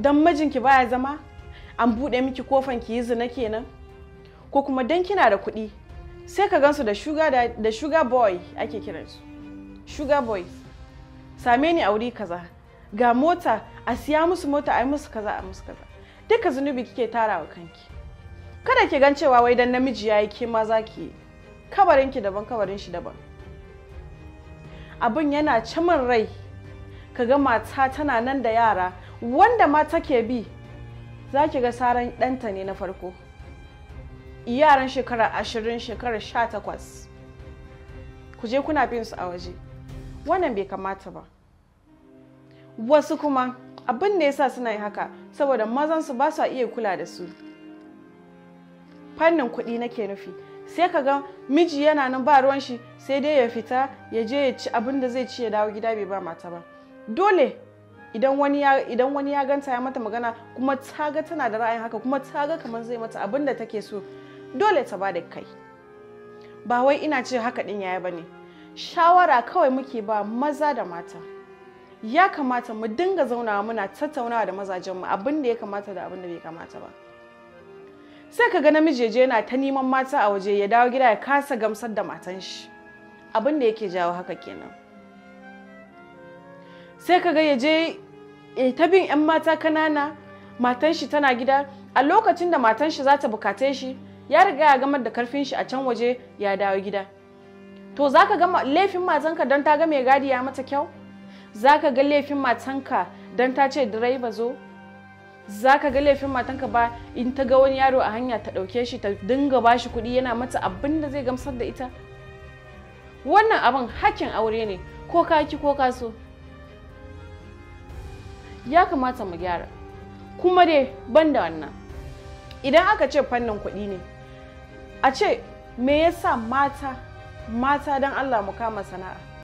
dan mijinki baya zama an buɗe miki kofan ki yi zina kenan ko kuma dan kina da kuɗi sai ka gansu da sugar da sugar boy ake kiransu sugar boy same ni a wuri kaza ga mota a siya musu mota a yi musu kaza a musu kaza duka zunubi kike tara wa kanki kada ki gan cewa wai dan namiji yayi ke ma za ki yi kabarin ki daban kabarin shi daban Abun yana caman rai ka ga mata tana nan da yara wanda mata ke bi za ki ga saran ɗanta ne na farko yaran shekara ashirin shekara sha takwas ku je kuna bin su a waje wannan bai kamata ba wasu kuma abin da yasa suna yi haka saboda mazansu ba su iya kula da su fannin kuɗi nake nufi sai ka ga miji yana nan ba ruwan shi sai dai ya fita ya je ya ci abin da zai ci ya dawo gida bai ba mata ba dole idan wani ya ganta ya mata magana kuma ta ga tana da ra'ayin haka kuma ta ga kamar zai mata abin da take so dole ta bada kai ba wai ina ce haka din yaya bane shawara kawai muke ba maza da mata ya kamata mu dinga zauna muna tattaunawa da mazajenmu abin da ya kamata da abin da bai kamata ba sai ka ga namiji je yana ta neman mata a waje ya dawo gida ya kasa gamsar da matan shi abin da yake jawo haka kenan sai ka ga ya je e ta bin 'yan mata kanana matan shi tana gida a lokacin da matan shi za ta bukate shi ya riga ya gamar da karfin shi a can waje ya dawo gida to za ka gama laifin matanka don ta ga mai gadi ya mata kyau za ka ga laifin matanka don ta ce direba zo za ka ga laifin matanka ba in ta ga wani yaro a hanya ta ɗauke shi ta dinga ba shi kuɗi yana mata abin da zai gamsar da ita wannan abin hakkin aure ne ko kaki ki ko ka so ya kamata mu gyara kuma dai ban da wannan idan aka ce fannin kuɗi ne a ce me yasa mata mata don allah mu kama sana'a